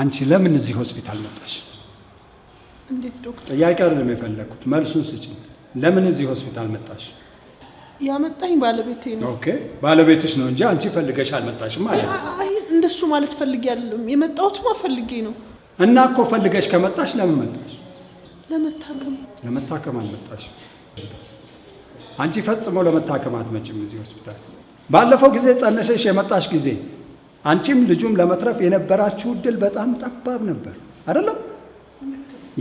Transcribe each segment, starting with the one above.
አንቺ ለምን እዚህ ሆስፒታል መጣሽ? እንዴት ዶክተር? ጥያቄ አይደለም የፈለግኩት፣ መልሱን ስጪ። ለምን እዚህ ሆስፒታል መጣሽ? ያመጣኝ ባለቤቴ ነው። ኦኬ፣ ባለቤትሽ ነው እንጂ አንቺ ፈልገሽ አልመጣሽም ማለት ነው። አይ እንደሱ ማለት ፈልጌ አይደለም የመጣሁትማ ፈልጌ ነው። እና እኮ ፈልገሽ ከመጣሽ ለምን መጣሽ? ለመታከም። ለመታከም ለመታከም አልመጣሽ? አንቺ ፈጽሞ ለመታከም አትመጭም እዚህ ሆስፒታል። ባለፈው ጊዜ ጸነሰሽ የመጣሽ ጊዜ አንቺም ልጁም ለመትረፍ የነበራችሁ እድል በጣም ጠባብ ነበር አይደለም?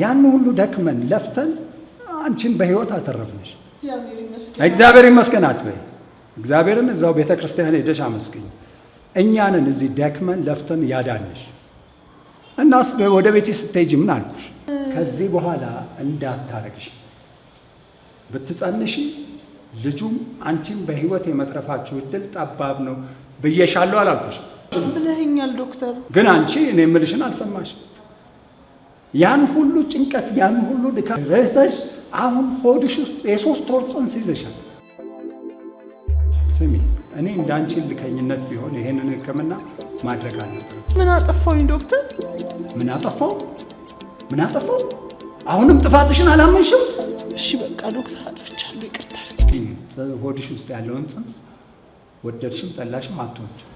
ያን ሁሉ ደክመን ለፍተን አንቺን በህይወት አተረፍነች። እግዚአብሔር ይመስገን አትበይ። እግዚአብሔርን እዛው ቤተ ክርስቲያን ሄደሽ አመስግኝ። እኛንን እዚህ ደክመን ለፍተን ያዳንሽ እና ወደ ቤት ስትሄጂ ምን አልኩሽ? ከዚህ በኋላ እንዳታረግሽ ብትጸንሽ ልጁም አንቺም በህይወት የመትረፋችሁ እድል ጠባብ ነው ብዬሻለሁ አላልኩሽም? ብለኸኛል ዶክተር። ግን አንቺ እኔ የምልሽን አልሰማሽ። ያን ሁሉ ጭንቀት፣ ያን ሁሉ ድካም ረህተሽ አሁን ሆድሽ ውስጥ የሶስት ወር ጽንስ ይዘሻል። ስሚ እኔ እንደ አንቺ ልከኝነት ቢሆን ይሄንን ሕክምና ማድረግ አለብን። ምን አጠፋውኝ ዶክተር? ምን አጠፋው? ምን አጠፋው? አሁንም ጥፋትሽን አላመንሽም። እሺ በቃ ዶክተር አጥፍቻለሁ፣ ይቅርታል። ሆድሽ ውስጥ ያለውን ጽንስ ወደድሽም ጠላሽም አትሆንችም።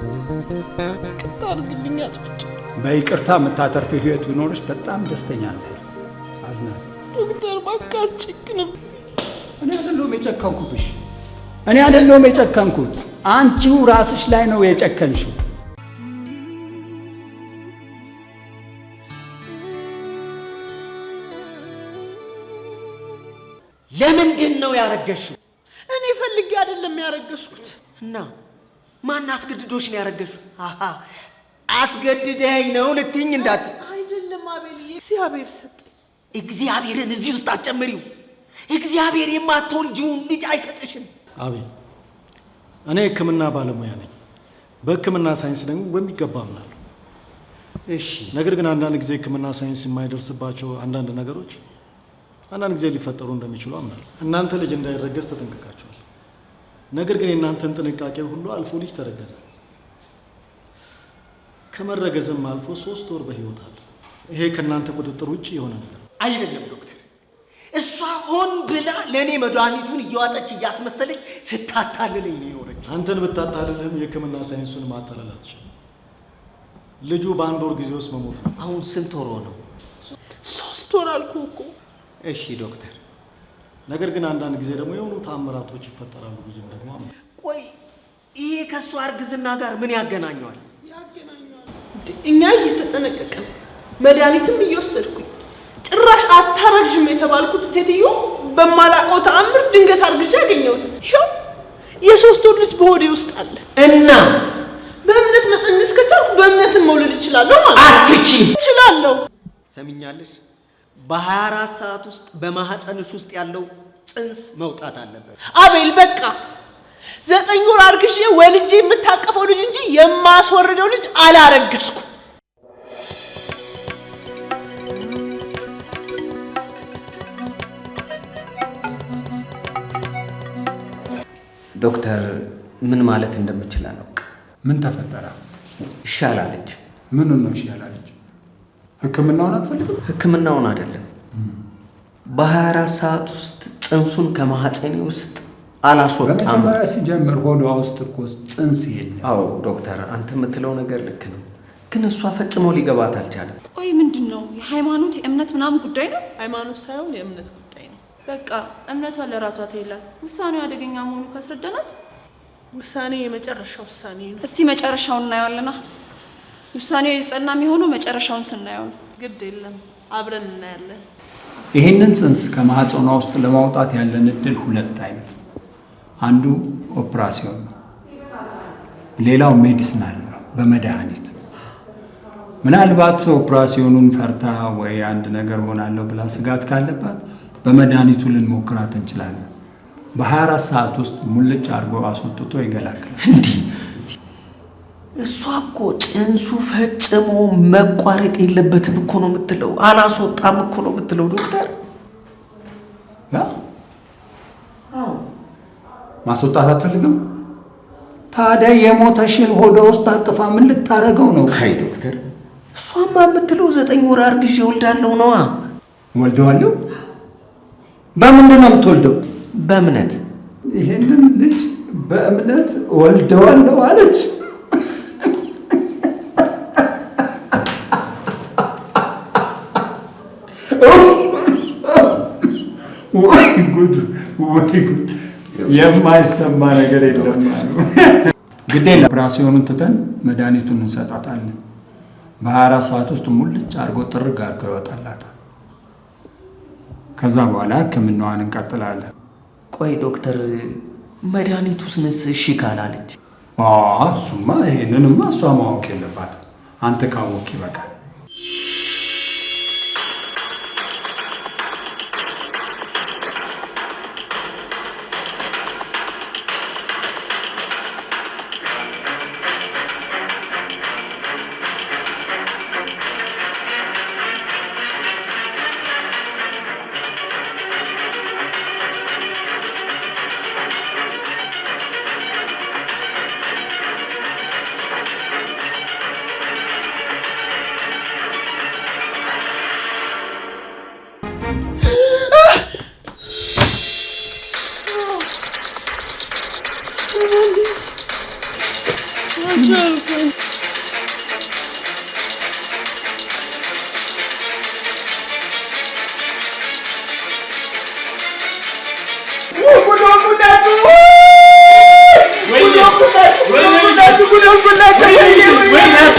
ቅጣ አድርግልኝ አጥፍቼ። በይቅርታ የምታተርፍ ህይወት ቢኖርሽ በጣም ደስተኛ ነበር። አዝና ዶክተር እባክህ አትጨክንም። እኔ አይደለሁም የጨከንኩብሽ፣ እኔ አይደለሁም የጨከንኩት፣ አንቺው ራስሽ ላይ ነው የጨከንሽው። ለምንድን ነው ያረገሽው? እኔ ፈልጌ አይደለም ያረገሽኩት እና ማን አስገድዶሽ ነው ያረገሹ? አስገድደኝ ነው ልትኝ እንዳት አይደለም። አቤልዬ እግዚአብሔር ሰጠኝ። እግዚአብሔርን እዚህ ውስጥ አትጨምሪው። እግዚአብሔር የማትወልጂውን ልጅ አይሰጥሽም። አቤል፣ እኔ ሕክምና ባለሙያ ነኝ። በሕክምና ሳይንስ ደግሞ በሚገባ አምናለሁ። እሺ፣ ነገር ግን አንዳንድ ጊዜ ሕክምና ሳይንስ የማይደርስባቸው አንዳንድ ነገሮች አንዳንድ ጊዜ ሊፈጠሩ እንደሚችሉ አምናለሁ። እናንተ ልጅ እንዳይረገዝ ተጠንቅቃቸው ነገር ግን የእናንተን ጥንቃቄ ሁሉ አልፎ ልጅ ተረገዘ። ከመረገዝም አልፎ ሶስት ወር በህይወት አለ። ይሄ ከእናንተ ቁጥጥር ውጭ የሆነ ነገር አይደለም ዶክተር። እሷ ሆን ብላ ለእኔ መድኃኒቱን እየዋጠች እያስመሰለች ስታታልለኝ ነው የኖረች። አንተን ብታታልልህም የህክምና ሳይንሱን ማታለል አትችልም። ልጁ በአንድ ወር ጊዜ ውስጥ መሞት ነው። አሁን ስንት ወር ነው? ሶስት ወር አልኩ እኮ። እሺ ዶክተር ነገር ግን አንዳንድ ጊዜ ደግሞ የሆኑ ተአምራቶች ይፈጠራሉ ብዬም ደግሞ ቆይ ይሄ ከእሱ እርግዝና ጋር ምን ያገናኘዋል? እኛ እየተጠነቀቅን መድኃኒትም እየወሰድኩኝ ጭራሽ አታረዥም የተባልኩት ሴትዮ በማላውቀው ተአምር ድንገት አርግዣ ያገኘሁት ይኸው የሶስት ወር ልጅ በሆዴ ውስጥ አለ እና በእምነት መጸነስ ከቻልኩ በእምነትን መውለድ እችላለሁ ማለት አትችይም እችላለሁ ሰሚኛለች በ24 ሰዓት ውስጥ በማህፀንሽ ውስጥ ያለው ጽንስ መውጣት አለበት። አቤል በቃ ዘጠኝ ወር አርግዤ ወልጄ የምታቀፈው ልጅ እንጂ የማስወርደው ልጅ አላረገዝኩ። ዶክተር ምን ማለት እንደምችል አላውቅ። ምን ተፈጠረ? ይሻላለች። ምኑን ነው ይሻላለች? ህክምናውን አትፈልግም? ህክምናውን አይደለም፣ በ24 ሰዓት ውስጥ ጽንሱን ከማህፀኔ ውስጥ አላስወጣም። በመጀመሪያ ሲጀምር ሆዷ ውስጥ እኮ ጽንስ የለም። አዎ ዶክተር፣ አንተ የምትለው ነገር ልክ ነው፣ ግን እሷ ፈጽሞ ሊገባት አልቻለም። ቆይ ምንድን ነው የሃይማኖት የእምነት ምናምን ጉዳይ ነው? ሃይማኖት ሳይሆን የእምነት ጉዳይ ነው። በቃ እምነቷ ለራሷ ተይላት። ውሳኔው አደገኛ መሆኑ ካስረዳናት ውሳኔ የመጨረሻ ውሳኔ ነው። እስቲ መጨረሻውን እናየዋለና ውሳኔው የጸና የሚሆነው መጨረሻውን ስናየው ነው። ግድ የለም አብረን እናያለን። ይህንን ጽንስ ከማህፀኗ ውስጥ ለማውጣት ያለን እድል ሁለት አይነት ነው። አንዱ ኦፕራሲዮን ነው፣ ሌላው ሜዲሲናል ነው፣ በመድኃኒት ምናልባት ኦፕራሲዮኑን ፈርታ ወይ አንድ ነገር ሆናለሁ ብላ ስጋት ካለባት በመድኃኒቱ ልንሞክራት እንችላለን። በ24 ሰዓት ውስጥ ሙልጭ አድርጎ አስወጥቶ ይገላግላል። እሷ እኮ ጭንሱ ፈጽሞ መቋረጥ የለበትም እኮ ነው የምትለው። አላስወጣም እኮ ነው የምትለው ዶክተር። ማስወጣት አትፈልግም? ታዲያ የሞተሽን ሆዷ ውስጥ አቅፋ ምን ልታረገው ነው? አይ ዶክተር፣ እሷማ የምትለው ዘጠኝ ወር አርግዤ እወልዳለሁ ነዋ። ወልደዋለሁ። በምንድን ነው የምትወልደው? በእምነት። ይሄንን ልጅ በእምነት ወልደዋለሁ አለች። ጉድ ወይ ጉድ! የማይሰማ ነገር የለም አሉ። ግዴለ ትተን መድኃኒቱን እንሰጣታለን። በ24 ሰዓት ውስጥ ሙልጭ አድርጎ ጥርግ አድርጎ ይወጣላታል። ከዛ በኋላ ህክምናዋን እንቀጥላለን። ቆይ ዶክተር፣ መድኃኒቱ ስንስ እሺ ካላለች? እሱማ ይሄንንማ እሷ ማወቅ የለባትም። አንተ ካወቅ ይበቃል።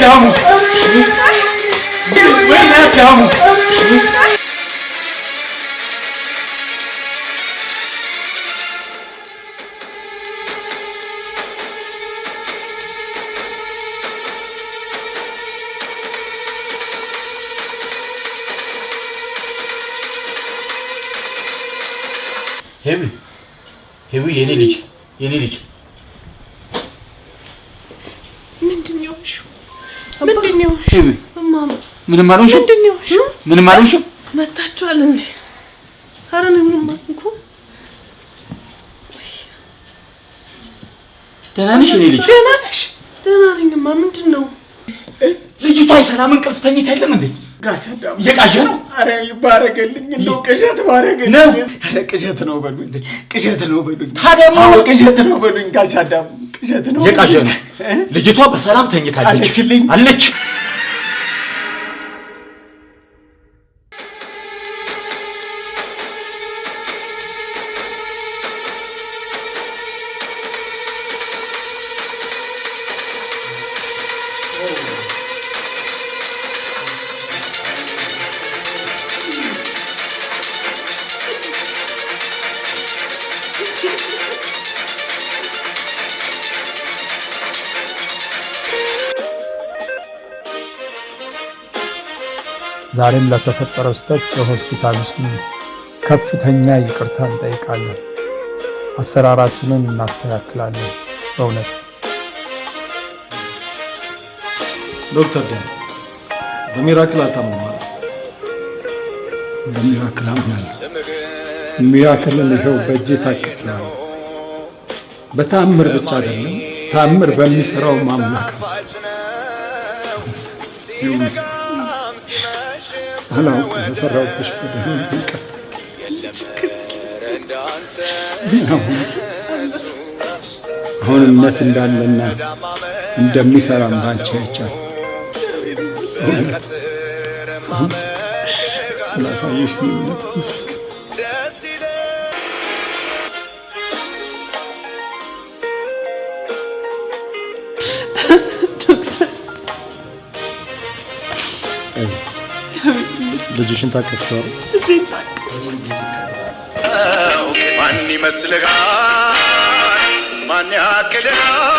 que amo. Você bem é que amo. Heavy. yenilik. Yenilik. ምንም አልሆንሽም። ምንም አልሆንሽም። መታችኋል እንዴ? ኧረ እኔ ምንም አልሆንኩም። ደህና ነሽ? እኔ ልጅ ደህና ነሽ? ደህና ነኝማ። ምንድን ነው ልጅቷ የሰላም እንቅልፍ ተኝታ የለም እንዴ? እየቃዠ ነው። ኧረ ይባረገልኝ፣ እንደው ቅዠት ባረገልኝ። ኧረ ቅዠት ነው በሉኝ፣ ቅዠት ነው በሉኝ። ታዲያ ቅዠት ነው በሉኝ። ጋሽ ቅዠት ነው። እየቃዠ ነው። ልጅቷ በሰላም ተኝታለች አለችልኝ አለች ዛሬም ለተፈጠረው ስህተት በሆስፒታል ውስጥ ከፍተኛ ይቅርታ እንጠይቃለን። አሰራራችንን እናስተካክላለን። በእውነት ዶክተር ደ በሚራክል አታምማል። በሚራክል አምናለሁ። ሚራክልን ይኸው በእጄ ታክፍላል። በታምር ብቻ አይደለም፣ ታምር በሚሰራው አምላክ ነው። ሳላውቅ በሰራሁብሽ በደል ይቅርታ። አሁን እምነት እንዳለና እንደሚሰራም ባንቺ አይቻል ስላሳየሽ ምነት ልጅሽን ታቀፍሽዋል? ልጅን ታቀፍኩት። ማን ይመስልሃል? ማን ያክልሃል?